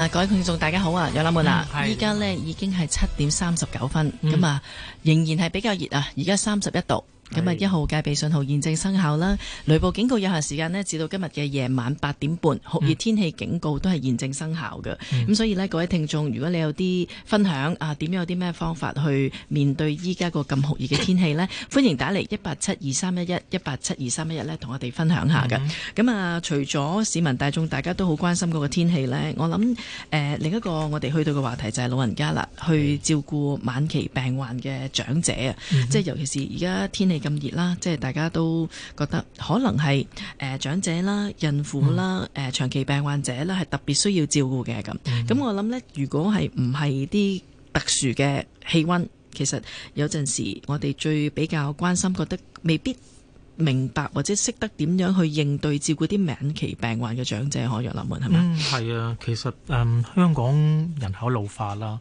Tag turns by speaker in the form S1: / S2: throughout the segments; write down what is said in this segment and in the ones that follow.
S1: 啊、各位觀眾，大家好啊！有冧們啦，依家呢已經係七點三十九分，咁啊仍然係比較熱啊！而家三十一度。咁啊！一號戒備信號現正生效啦，雷暴警告有限時間呢，至到今日嘅夜晚八點半，酷熱天氣警告都係現正生效嘅。咁、嗯、所以呢，各位聽眾，如果你有啲分享啊，點樣有啲咩方法去面對依家個咁酷熱嘅天氣呢？嗯、歡迎打嚟一八七二三一一一八七二三一一咧，同我哋分享下嘅。咁、嗯、啊，除咗市民大眾大家都好關心嗰個天氣呢，我諗誒、呃、另一個我哋去到嘅話題就係老人家啦，嗯、去照顧晚期病患嘅長者啊，即係、嗯、尤其是而家天氣。咁熱啦，即係大家都覺得可能係誒、呃、長者啦、孕婦啦、誒、嗯呃、長期病患者啦，係特別需要照顧嘅咁。咁、嗯、我諗呢，如果係唔係啲特殊嘅氣温，其實有陣時我哋最比較關心，覺得未必明白或者識得點樣去應對照顧啲晚期病患嘅長者，可約納們係咪？嗯，
S2: 係啊，其實誒香港人口老化啦。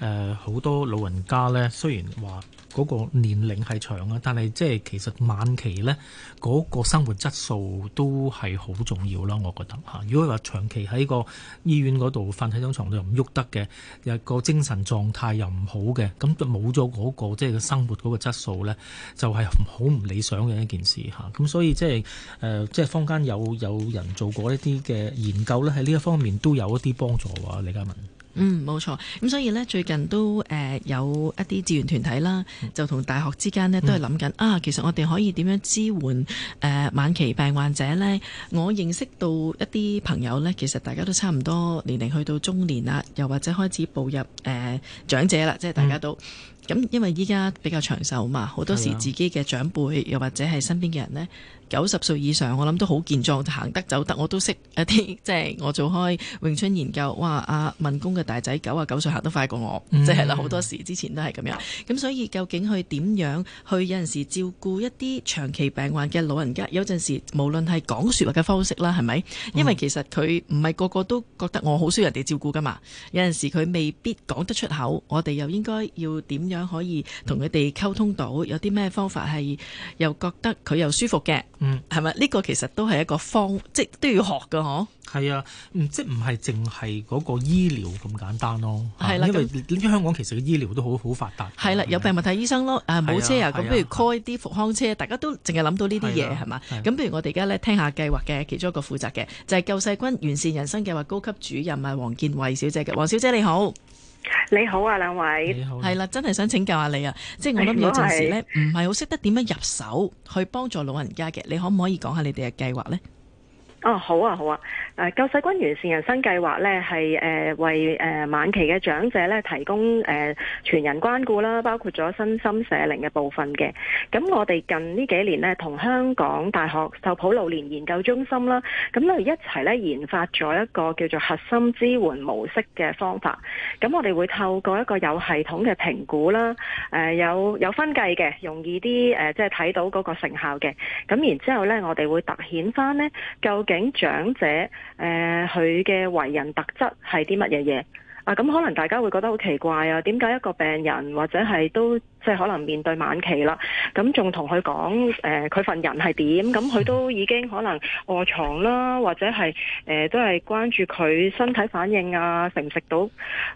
S2: 誒好、呃、多老人家呢，雖然話嗰個年齡係長啊，但係即係其實晚期呢，嗰、嗰個生活質素都係好重要咯。我覺得嚇，如果話長期喺個醫院嗰度瞓喺張床度又唔喐得嘅，又個精神狀態又唔好嘅，咁冇咗嗰個即係個生活嗰個質素呢，就係好唔理想嘅一件事嚇。咁、啊、所以即係誒，即、呃、係、就是、坊間有有人做過一啲嘅研究呢，喺呢一方面都有一啲幫助啊，李嘉文。
S1: 嗯，冇錯。咁所以呢，最近都誒、呃、有一啲志願團體啦，就同大學之間呢都係諗緊啊。其實我哋可以點樣支援誒、呃、晚期病患者呢？我認識到一啲朋友呢，其實大家都差唔多年齡去到中年啦，又或者開始步入誒、呃、長者啦，即係大家都。嗯咁因為依家比較長壽啊嘛，好多時自己嘅長輩又或者係身邊嘅人咧，九十歲以上我諗都好健壯，行得走得。我都識一啲，即 係我做開詠春研究，哇！阿、啊、文公嘅大仔九啊九歲行得快過我，即係啦，好多時之前都係咁樣，咁、嗯、所以究竟去點樣去有陣時照顧一啲長期病患嘅老人家？有陣時無論係講說話嘅方式啦，係咪？嗯、因為其實佢唔係個個都覺得我好需要人哋照顧噶嘛。有陣時佢未必講得出口，我哋又應該要點樣。可以同佢哋溝通到，有啲咩方法係又覺得佢又舒服嘅，嗯，係咪？呢個其實都係一個方，即都要學嘅嗬，
S2: 係啊，嗯，即唔係淨係嗰個醫療咁簡單咯？係啦，因為喺香港其實嘅醫療都好好發達。
S1: 係啦，有病咪睇醫生咯。誒，冇車啊，咁不如開啲復康車。大家都淨係諗到呢啲嘢係嘛？咁不如我哋而家咧聽下計劃嘅其中一個負責嘅，就係救世軍完善人生計劃高級主任咪黃建慧小姐嘅。黃小姐你好。你好啊，兩位你好係啦、啊， 真係想請教下你啊， 即係我諗有陣時咧，唔係好識得點樣入手去幫助老人家嘅，你可唔可以講下你哋嘅計劃咧？
S3: 哦，好啊，好啊。誒，救世軍完善人生計劃咧，係誒、呃、為誒、呃、晚期嘅長者咧提供誒、呃、全人關顧啦，包括咗身心社靈嘅部分嘅。咁、嗯、我哋近呢幾年咧，同香港大學秀圃老年研究中心啦，咁、嗯、嚟一齊咧研發咗一個叫做核心支援模式嘅方法。咁、嗯、我哋會透過一個有系統嘅評估啦，誒、呃、有有分計嘅，容易啲誒、呃、即係睇到嗰個成效嘅。咁、嗯、然之後咧，我哋會突顯返咧，究竟究竟長者誒，佢、呃、嘅為人特質係啲乜嘢嘢啊？咁可能大家會覺得好奇怪啊。點解一個病人或者係都？即係可能面對晚期啦，咁仲同佢講誒、佢、呃、份人係點？咁佢都已經可能臥床啦，或者係誒、呃、都係關注佢身體反應啊，食唔食到，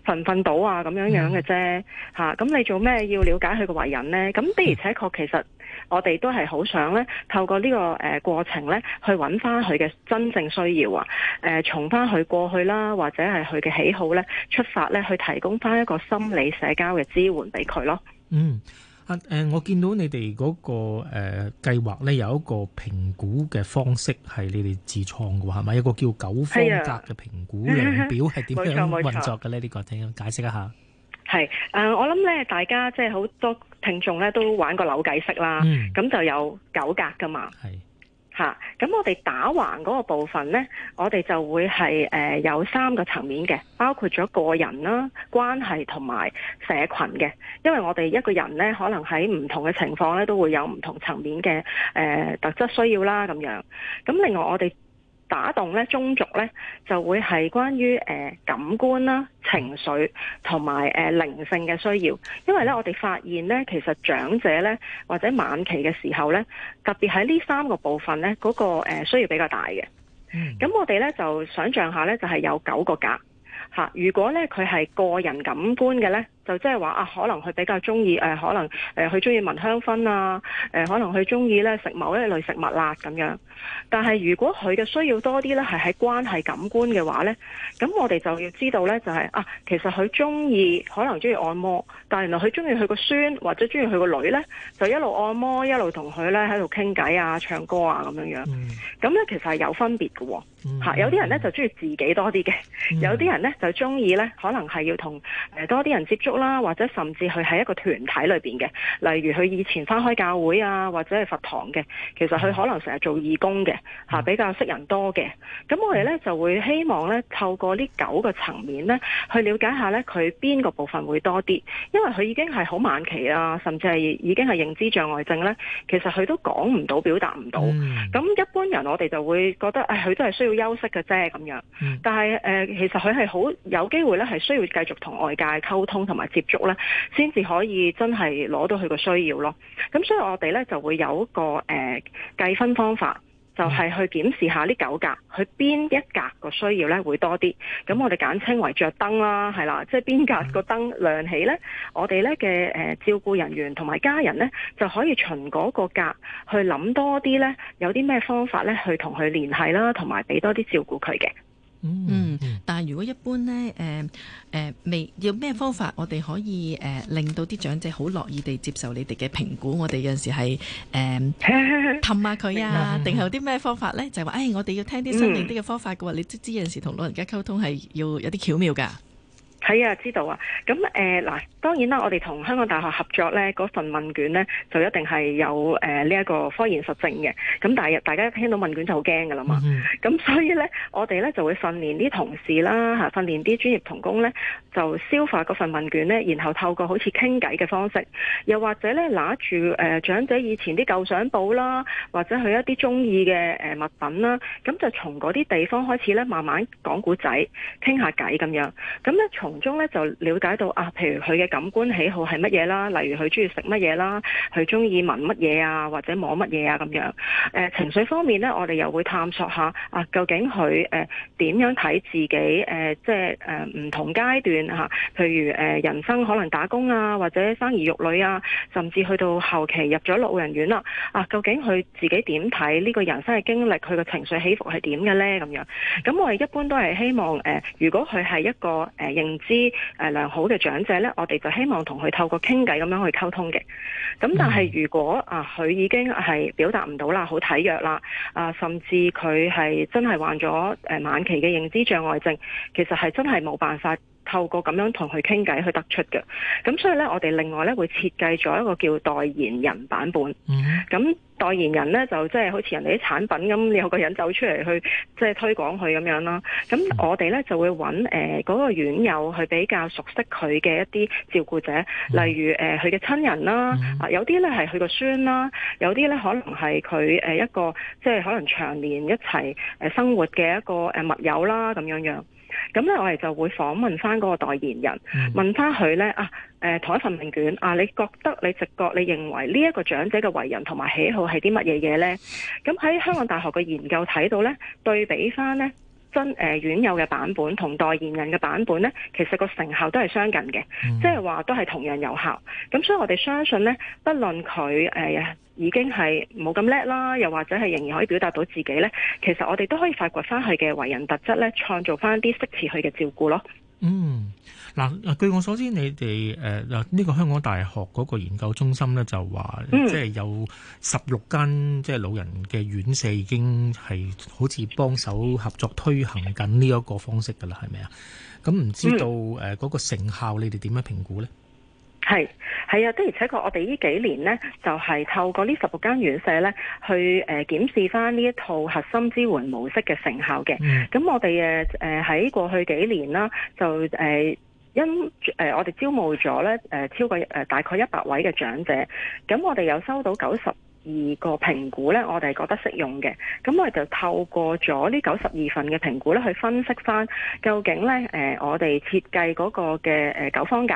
S3: 瞓唔瞓到啊，咁樣樣嘅啫吓。咁、嗯啊、你做咩要了解佢個為人呢？咁的而且確，其實我哋都係好想呢，透過呢、這個誒、呃、過程呢，去揾翻佢嘅真正需要啊，誒、呃，從翻佢過去啦，或者係佢嘅喜好呢，出發呢，去提供翻一個心理社交嘅支援俾佢咯。
S2: 嗯啊，誒、呃，我見到你哋嗰，那個誒計劃咧有一個評估嘅方式係你哋自創嘅係嘛，有一個叫九方格嘅評估量表係點樣運作嘅呢？呢、 這個請解釋一下。
S3: 係誒、呃，我諗咧大家即係好多聽眾咧都玩過扭計骰啦，咁、嗯、就有九格噶嘛。嚇，咁、啊、我哋打橫嗰個部分呢，我哋就會係誒、呃、有三個層面嘅，包括咗個人啦、啊、關係同埋社群嘅。因為我哋一個人呢，可能喺唔同嘅情況呢，都會有唔同層面嘅誒、呃、特質需要啦咁樣。咁另外我哋打動咧宗族咧，就會係關於誒、呃、感官啦、情緒同埋誒靈性嘅需要。因為咧，我哋發現咧，其實長者咧或者晚期嘅時候咧，特別喺呢三個部分咧，嗰、那個誒、呃、需要比較大嘅。咁、嗯、我哋咧就想象下咧，就係、是、有九個格吓。如果咧佢係個人感官嘅咧。就即係話啊，可能佢比較中意誒可能誒佢中意聞香薰啊，誒、呃、可能佢中意咧食某一類食物啦咁樣，但係如果佢嘅需要多啲咧，係喺關係感官嘅話咧，咁我哋就要知道咧，就係、是、啊，其實佢中意可能中意按摩，但係原來佢中意佢個孫或者中意佢個女咧，就一路按摩一路同佢咧喺度傾偈啊、唱歌啊咁樣、mm hmm. 樣咁咧其實係有分別嘅喎，嚇、mm hmm. 有啲人咧就中意自己多啲嘅，有啲人咧就中意咧可能係要同誒多啲人接觸。啦，或者甚至佢喺一個團體裏邊嘅，例如佢以前返開教會啊，或者係佛堂嘅，其實佢可能成日做義工嘅，吓、嗯、比較識人多嘅。咁我哋咧就會希望咧透過呢九個層面咧去了解下咧佢邊個部分會多啲，因為佢已經係好晚期喇，甚至係已經係認知障礙症咧，其實佢都講唔到，表達唔到。咁、嗯、一般人我哋就會覺得誒佢、哎、都係需要休息嘅啫咁樣，但係誒、呃、其實佢係好有機會咧係需要繼續同外界溝通同埋。接觸咧，先至可以真係攞到佢個需要咯。咁所以我哋咧就會有一個誒計分方法，就係去檢視下呢九格，佢邊一格個需要咧會多啲。咁我哋簡稱為着燈啦，係啦，即係邊格個燈亮起咧，我哋咧嘅誒照顧人員同埋家人咧就可以循嗰個格去諗多啲咧，有啲咩方法咧去同佢聯繫啦，同埋俾多啲照顧佢嘅。
S1: 嗯，但係如果一般呢，誒、呃、誒、呃、未有咩方法，我哋可以誒、呃、令到啲長者好樂意地接受你哋嘅評估，我哋有陣時係誒氹下佢啊，定係有啲咩方法呢？就係、是哎、話，誒我哋要聽啲新穎啲嘅方法嘅話，你即知有陣時同老人家溝通係要有啲巧妙㗎。
S3: 係啊，知道啊。咁誒嗱，當然啦，我哋同香港大學合作咧，嗰份問卷咧就一定係有誒呢一個科研實證嘅。咁但係，大家一聽到問卷就好驚㗎啦嘛。咁、mm hmm. 所以咧，我哋咧就會訓練啲同事啦，嚇訓練啲專業同工咧，就消化嗰份問卷咧，然後透過好似傾偈嘅方式，又或者咧拿住誒、呃、長者以前啲舊相簿啦，或者係一啲中意嘅誒、呃、物品啦，咁就從嗰啲地方開始咧，慢慢講古仔，傾下偈咁樣。咁咧從中咧就了解到啊，譬如佢嘅感官喜好係乜嘢啦，例如佢中意食乜嘢啦，佢中意聞乜嘢啊，或者摸乜嘢啊咁樣。誒、呃、情緒方面呢，我哋又會探索下啊，究竟佢誒點樣睇自己誒、呃、即係誒唔同階段吓、啊，譬如誒、呃、人生可能打工啊，或者生兒育女啊，甚至去到後期入咗老人院啦啊，啊，究竟佢自己點睇呢個人生嘅經歷，佢嘅情緒起伏係點嘅咧咁樣。咁、啊、我哋一般都係希望誒、呃，如果佢係一個誒認。呃之誒良好嘅長者咧，我哋就希望同佢透過傾偈咁樣去溝通嘅。咁但係如果啊佢已經係表達唔到啦，好體弱啦，啊甚至佢係真係患咗誒晚期嘅認知障礙症，其實係真係冇辦法。 透過咁樣同佢傾偈，去得出嘅。咁所以呢，我哋另外呢會設計咗一個叫代言人版本。嗯、mm。咁、hmm. 代言人呢，就即係好似人哋啲產品咁，有個人走出嚟去即係、就是、推廣佢咁樣啦。咁我哋呢，就會揾誒嗰個院友去比較熟悉佢嘅一啲照顧者，例如誒佢嘅親人啦、mm hmm. 呃，有啲呢係佢個孫啦，有啲呢可能係佢誒一個即係可能長年一齊生活嘅一個誒密友啦咁樣樣。咁咧，我哋就會訪問翻嗰個代言人，嗯、問翻佢咧啊，誒、呃，同一份問卷啊，你覺得你直覺你認為呢一個長者嘅為人同埋喜好係啲乜嘢嘢咧？咁喺香港大學嘅研究睇到咧，對比翻咧。誒院友嘅版本同代言人嘅版本咧，其實個成效都係相近嘅，即係話都係同樣有效。咁所以我哋相信咧，不論佢誒已經係冇咁叻啦，又或者係仍然可以表達到自己咧，其實我哋都可以發掘翻佢嘅為人特質咧，創造翻啲適切佢嘅照顧咯。
S2: 嗯。嗯嗱嗱，據我所知，你哋誒嗱呢個香港大學嗰個研究中心咧，嗯，就話即係有十六間即係老人嘅院舍已經係好似幫手合作推行緊呢一個方式㗎喇，係咪啊？咁、嗯、唔知道誒嗰、呃嗰個成效，你哋點樣評估呢？
S3: 係係啊，的而且確，我哋呢幾年呢，就係透過呢十六間院舍呢，去誒檢視翻呢一套核心支援模式嘅成效嘅。咁、嗯、我哋誒誒喺過去幾年啦，就、呃、誒。因誒、呃，我哋招募咗咧誒超過誒、呃、大概一百位嘅長者，咁我哋有收到九十二個評估呢，我哋覺得適用嘅，咁我哋就透過咗呢九十二份嘅評估呢，去分析翻究竟呢，誒、呃、我哋設計嗰個嘅誒、呃、九方格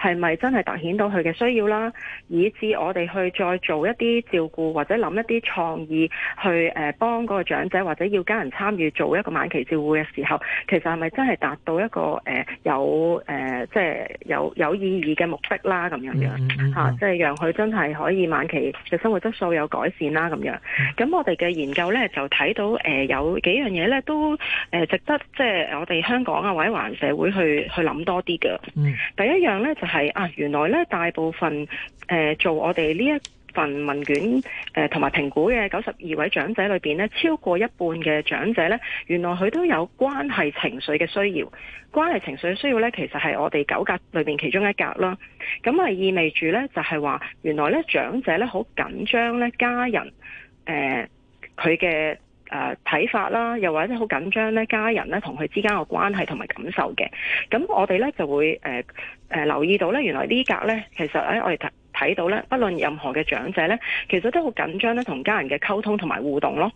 S3: 係咪真係凸顯到佢嘅需要啦，以至我哋去再做一啲照顧或者諗一啲創意去誒、呃、幫嗰個長者或者要家人參與做一個晚期照顧嘅時候，其實係咪真係達到一個誒、呃呃呃、有誒即係有有意義嘅目的啦咁樣樣嚇，即係讓佢真係可以晚期嘅生活質素，會有改善啦咁樣，咁我哋嘅研究咧就睇到誒，有幾樣嘢咧都誒值得即係我哋香港啊或者環社會去去諗多啲嘅。嗯，第一樣咧就係啊，原來咧大部分誒做我哋呢一份問卷誒同埋評估嘅九十二位長者裏邊呢，超過一半嘅長者呢，原來佢都有關係情緒嘅需要。關係情緒嘅需要呢，其實係我哋九格裏邊其中一格啦。咁啊意味住呢，就係、是、話原來呢長者呢好緊張呢，家人誒佢嘅誒睇法，啦，又或者好緊張呢，家人呢同佢之間嘅關係同埋感受嘅。咁我哋呢就會誒誒、呃呃呃呃、留意到呢，原來呢格呢，其實誒我哋睇。呃呃呃呃呃睇到咧，不論任何嘅長者咧，其實都好緊張咧，同家人嘅溝通同埋互動咯。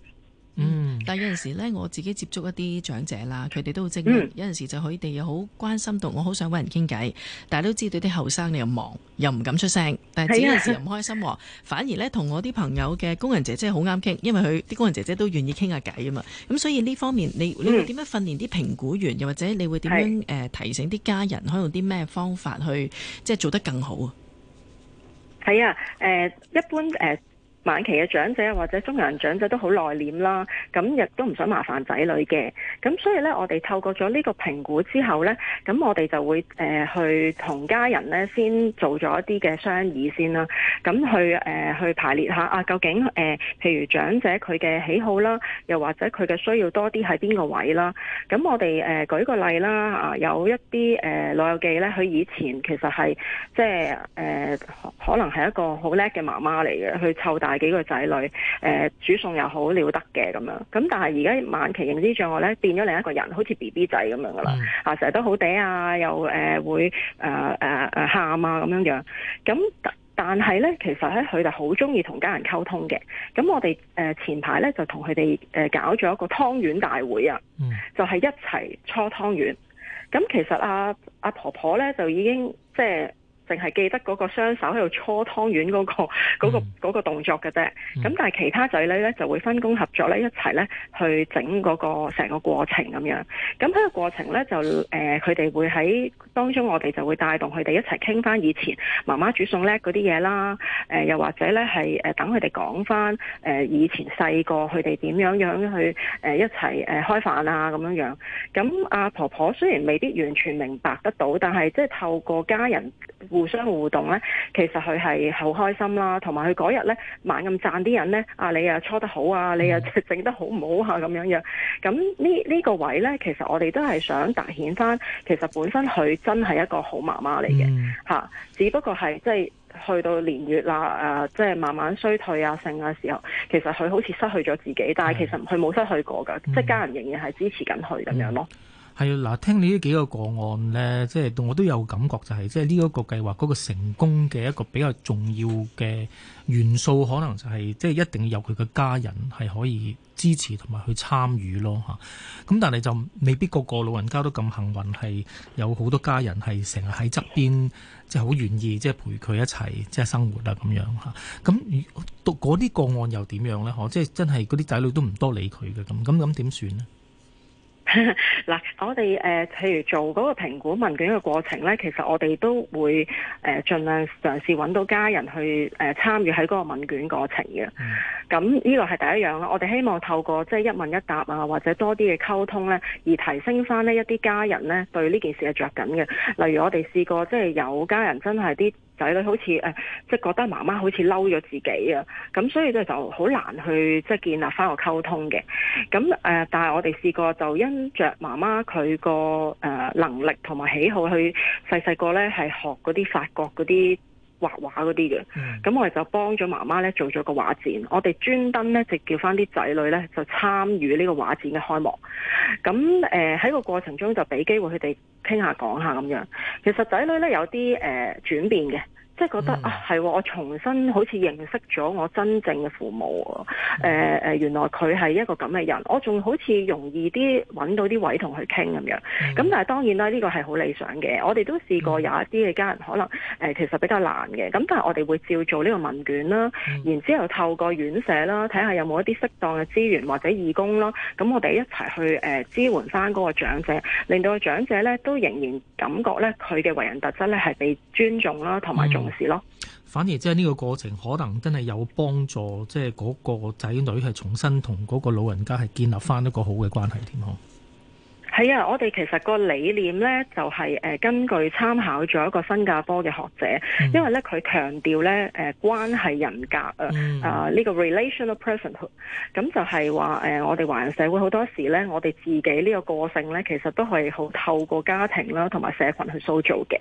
S3: 嗯，
S1: 但係有陣時咧，我自己接觸一啲長者啦，佢哋都好精明。嗯、有陣時就佢哋又好關心到我，好想搵人傾偈，但係都知道啲後生你又忙又唔敢出聲，但係有陣時又唔開心，啊、反而咧同我啲朋友嘅工人姐姐好啱傾，因為佢啲工人姐姐都願意傾下偈啊嘛。咁、嗯、所以呢方面，你你會點樣訓練啲評估員，又或者你會點樣誒、嗯呃、提醒啲家人，可以用啲咩方法去即係做得更好啊？
S3: 係啊，誒一般誒，晚期嘅長者或者中年人長者都好內斂啦，咁亦都唔想麻煩仔女嘅，咁所以呢，我哋透過咗呢個評估之後呢，咁我哋就會誒、呃、去同家人呢先做咗一啲嘅商議先啦，咁去誒、呃、去排列下啊，究竟誒、呃、譬如長者佢嘅喜好啦，又或者佢嘅需要多啲喺邊個位啦，咁我哋誒、呃、舉個例啦，啊、呃、有一啲誒老友記呢，佢以前其實係即係誒可能係一個好叻嘅媽媽嚟嘅，去湊大，幾個仔女，誒、呃、煮餸又好了得嘅咁樣，咁但係而家晚期認知障礙咧變咗另一個人，好似 B B 仔咁樣噶啦，啊成日都好嗲啊，又誒、呃、會誒誒誒喊啊咁樣樣，咁但係咧其實咧佢哋好中意同家人溝通嘅，咁我哋誒前排咧就同佢哋誒搞咗一個湯圓大會啊，嗯、就係一齊搓湯圓，咁其實阿、啊、阿、啊、婆婆咧就已經即係。淨係記得嗰個雙手喺度搓湯圓嗰、嗰個嗰、mm hmm. 個動作嘅啫，咁、mm hmm. 但係其他仔女咧就會分工合作咧，一齊咧去整嗰個成個過程咁樣。咁喺個過程咧，就誒佢哋會喺當中，我哋就會帶動佢哋一齊傾翻以前媽媽煮餸叻嗰啲嘢啦。誒、呃、又或者咧係誒等佢哋講翻誒以前細個佢哋點樣樣去誒、呃、一齊誒、呃、開飯啊咁樣樣。咁阿、啊、婆婆雖然未必完全明白得到，但係即係透過家人。互相互動咧，其實佢係好開心啦，同埋佢嗰日咧猛咁贊啲人咧，啊你啊搓得好啊，你啊整得好唔好啊，咁樣樣。咁呢呢個位咧，其實我哋都係想凸顯翻，其實本身佢真係一個好媽媽嚟嘅嚇，嗯、只不過係即係去到年月啦啊，即係慢慢衰退啊剩嘅時候，其實佢好似失去咗自己，但係其實佢冇失去過㗎，嗯、即係家人仍然係支持緊佢咁
S2: 樣咯。係啊，嗱，聽你呢幾個個案咧，即係我都有感覺，就係即係呢一個計劃嗰個成功嘅一個比較重要嘅元素，可能就係即係一定要有佢嘅家人係可以支持同埋去參與咯嚇。咁但係就未必個個老人家都咁幸運，係有好多家人係成日喺側邊，即係好願意即係陪佢一齊即係生活啊咁樣嚇。咁到嗰啲個案又點樣咧？可即係真係嗰啲仔女都唔多理佢嘅咁，咁咁點算咧？
S3: 嗱， 我哋誒，譬、呃、如做嗰個評估問卷嘅過程咧，其實我哋都會誒、呃、盡量嘗試揾到家人去誒、呃、參與喺嗰個問卷過程嘅。咁呢、嗯、個係第一樣啦。我哋希望透過即係一問一答啊，或者多啲嘅溝通咧，而提升翻呢一啲家人咧對呢件事嘅着緊嘅。例如我哋試過即係有家人真係啲。仔女好似誒、呃，即係覺得媽媽好似嬲咗自己啊，咁、嗯、所以咧就好難去即係建立翻個溝通嘅。咁、嗯、誒、呃，但係我哋試過就因着媽媽佢個誒能力同埋喜好，去細細個咧係學嗰啲法國嗰啲，畫畫嗰啲嘅，咁我哋就幫咗媽媽咧做咗個畫展，我哋專登咧就叫翻啲仔女咧就參與呢個畫展嘅開幕，咁誒喺個過程中就俾機會佢哋傾下講下咁樣，其實仔女咧有啲誒轉變嘅。即係覺得、嗯、啊，係、哦、我重新好似認識咗我真正嘅父母，誒誒、嗯呃，原來佢係一個咁嘅人，我仲好似容易啲揾到啲位同佢傾咁樣。咁、嗯、但係當然啦，呢、這個係好理想嘅。我哋都試過有一啲嘅家人可能誒、呃，其實比較難嘅。咁但係我哋會照做呢個問卷啦，然之後透過院舍啦，睇下有冇一啲適當嘅資源或者義工啦，咁我哋一齊去誒、呃、支援翻嗰個長者，令到個長者咧都仍然感覺咧佢嘅為人特質咧係被尊重啦，同埋仲。
S2: 反而即係呢個過程，可能真係有幫助，即係嗰個仔女係重新同嗰個老人家係建立翻一個好嘅關係，係。
S3: 係啊，我哋其實個理念咧就係、是、誒、呃、根據參考咗一個新加坡嘅學者，嗯、因為咧佢強調咧誒關係人格、嗯、啊啊呢、這個 relational person，咁就係話誒我哋華人社會好多時咧，我哋自己呢個個性咧其實都係好透過家庭啦同埋社群去塑造嘅，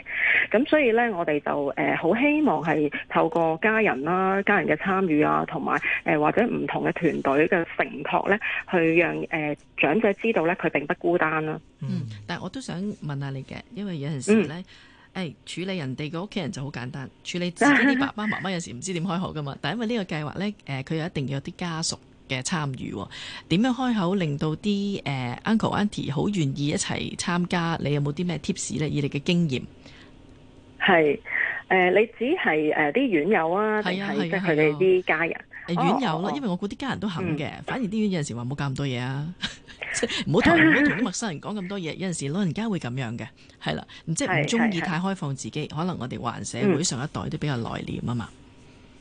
S3: 咁所以咧我哋就誒好、呃、希望係透過家人啦、家人嘅參與啊，同埋誒或者唔同嘅團隊嘅承托咧，去讓誒、呃、長者知道咧佢並不孤單。
S1: 嗯，但係我都想問下你嘅，因為有陣時咧，誒、嗯哎、處理人哋個屋企人就好簡單，處理自己啲爸爸媽媽有陣時唔知點開口噶嘛。但係因為呢個計劃咧，誒佢又一定要有啲家屬嘅參與，點樣開口令到啲誒、呃、uncle auntie 好願意一齊參加？你有冇啲咩 tips 咧？以你嘅經驗，
S3: 係誒、呃、你只係誒啲院友啊，定係即係佢哋啲家人？院友咯、啊，哦、因為
S1: 我估啲家人都肯嘅，反而啲院有陣時話冇搞咁多嘢啊。 即係唔好同唔好同啲陌生人講咁多嘢，有陣時老人家會咁樣嘅，係啦，即係唔中意太開放自己，是是是可能我哋環社會上一代都比較內斂啊嘛。嗯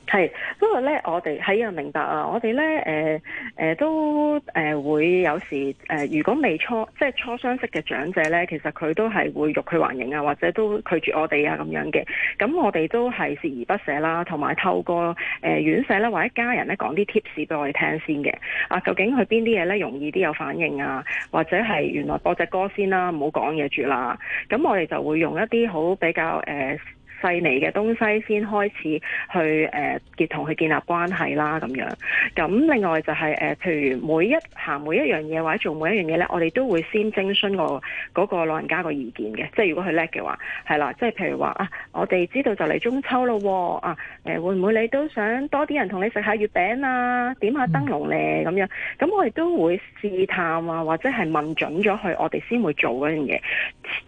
S3: 係，不過咧，我哋喺阿明白啊，我哋咧，誒、呃、誒、呃、都誒、呃、會有時誒、呃，如果未初即係初相識嘅長者咧，其實佢都係會欲拒還迎啊，或者都拒絕我哋啊咁樣嘅。咁我哋都係鍥而不捨啦，同埋透過誒、呃、院舍咧或者家人咧講啲 tips 俾我哋聽先嘅。啊，究竟佢邊啲嘢咧容易啲有反應啊？或者係原來播隻歌先啦，唔好講嘢住啦。咁我哋就會用一啲好比較誒。呃細微嘅東西先開始去誒，結同佢建立關係啦，咁樣。咁另外就係、是、誒、呃，譬如每一行每一樣嘢或者做每一樣嘢咧，我哋都會先徵詢我嗰個老人家個意見嘅。即係如果佢叻嘅話，係啦。即係譬如話啊，我哋知道就嚟中秋咯，啊誒，會唔會你都想多啲人同你食下月餅啊，點下燈籠咧咁樣？咁、嗯嗯、我哋都會試探啊，或者係問準咗佢，我哋先會做嗰樣嘢。誒、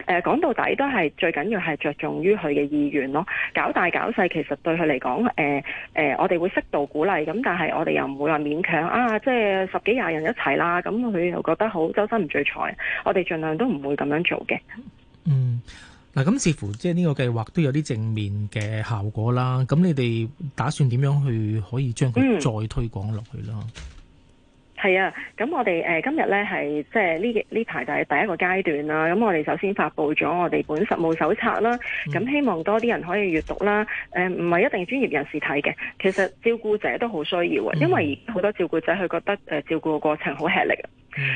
S3: 呃，講到底都係最緊要係着重於佢嘅意願。咯，搞大搞細，其實對佢嚟講，誒、呃、誒、呃，我哋會適度鼓勵，咁但係我哋又唔會話勉強啊，即係十幾廿人一齊啦，咁佢又覺得好周身唔聚財，我哋盡量都唔會咁樣做嘅。
S2: 嗯，嗱，咁似乎即係呢個計劃都有啲正面嘅效果啦。咁你哋打算點樣去可以將佢再推廣落去啦？嗯
S3: 係啊，咁我哋誒、呃、今日咧係即係呢呢排就係第一個階段啦。咁我哋首先發布咗我哋本實務手冊啦。咁希望多啲人可以閱讀啦。誒、呃，唔係一定專業人士睇嘅，其實照顧者都好需要啊。因為好多照顧者佢覺得誒照顧嘅過程好吃力。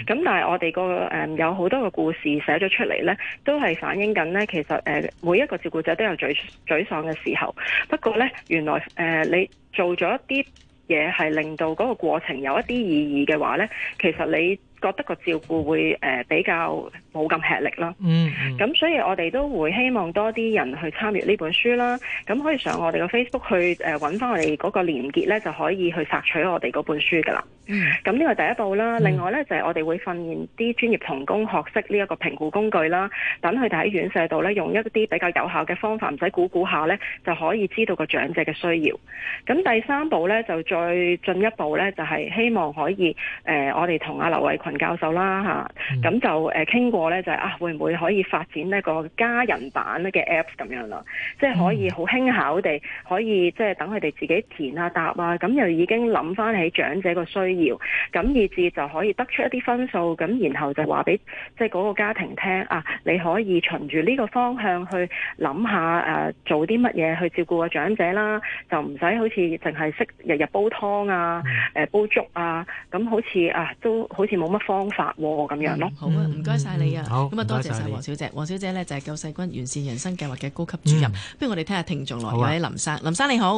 S3: 咁、嗯、但係我哋個誒、呃、有好多個故事寫咗出嚟咧，都係反映緊咧，其實誒、呃、每一個照顧者都有沮沮喪嘅時候。不過咧，原來誒、呃、你做咗一啲嘢係令到嗰個過程有一啲意義嘅話咧，其實你覺得個照顧會誒、呃、比較。冇咁吃力啦，咁、嗯、所以我哋都會希望多啲人去參與呢本書啦，咁可以上我哋嘅 Facebook 去誒搵翻我哋嗰個連結咧，就可以去索取我哋嗰本書噶啦。咁呢、嗯、個第一步啦，另外咧就係我哋會訓練啲專業同工學識呢一個評估工具啦，等佢哋喺院舍度咧用一啲比較有效嘅方法，唔使估估下咧就可以知道個長者嘅需要。咁第三步咧就再進一步咧就係希望可以誒、呃、我哋同阿劉偉群教授啦吓，咁、啊嗯、就誒傾、呃、過。我咧就係啊，會唔會可以發展呢個家人版嘅 Apps 咁樣咯？即係可以好輕巧地，可以即係等佢哋自己填下答啊，咁又已經諗翻起長者個需要，咁以至就可以得出一啲分數，咁然後就話俾即係嗰個家庭聽啊，你可以循住呢個方向去諗下誒，做啲乜嘢去照顧個長者啦，就唔使好似淨係識日日煲湯啊、誒煲粥啊，咁好似啊都好似冇乜
S1: 方法咁樣咯。好啊，唔該曬你。好咁啊！多謝晒黃小姐，黃小姐咧就係救世軍完善人生計劃嘅高級主任。不如我哋聽下聽眾來，有位林生。林生你好，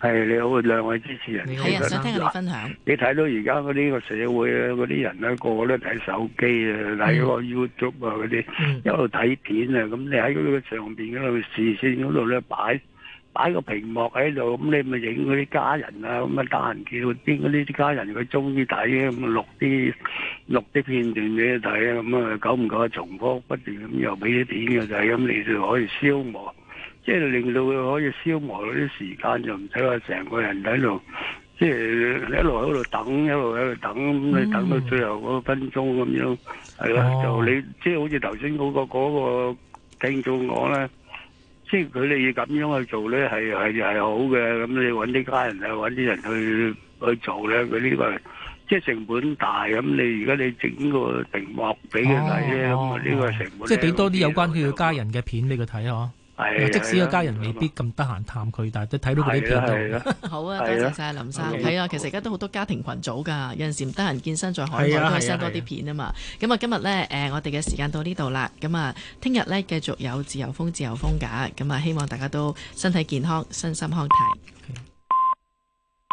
S4: 係，你好，兩位主持人，你好，想聽下你分享。你睇到而家嗰啲個社會啊，嗰啲人咧，個個都睇手機啊，睇個 YouTube 啊嗰啲，一路睇片啊，咁你喺嗰個上邊嗰度視線嗰度咧擺。擺個屏幕喺度，咁你咪影嗰啲家人啊，咁啊家人叫邊嗰啲家人佢中意睇，咁錄啲錄啲片段俾佢睇，咁啊久唔久啊重複，不斷咁又俾啲片嘅仔，咁你就可以消磨，即係令到佢可以消磨嗰啲時間，就唔使話成個人喺度，即係你一路喺度等，一路喺度等，咁你等到最後嗰分鐘咁樣，係啦，就你即係好似頭先嗰個嗰個聽眾我咧。即係佢哋要咁樣去做咧，係係係好嘅。咁、嗯、你揾啲家人啊，揾啲人去去做咧。佢呢個係即係成本大。咁你而家你整個屏幕俾佢睇咧，咁啊呢個係成本即係俾多啲
S2: 有關佢嘅家人嘅片俾佢睇啊！ 即使個家人未必咁得閒探佢，但係都睇到佢啲片就。 好啊，多謝
S1: 晒林生。係啊，其實而家都好多家庭群組㗎，有陣時唔得閒健身，再海外都可以開多啲片啊嘛。咁啊，今日呢，誒、呃，我哋嘅時間到呢度啦。咁啊，聽日呢，繼續有自由風自由風㗎。咁啊，希望大家都身體健康，身心康泰。 Okay.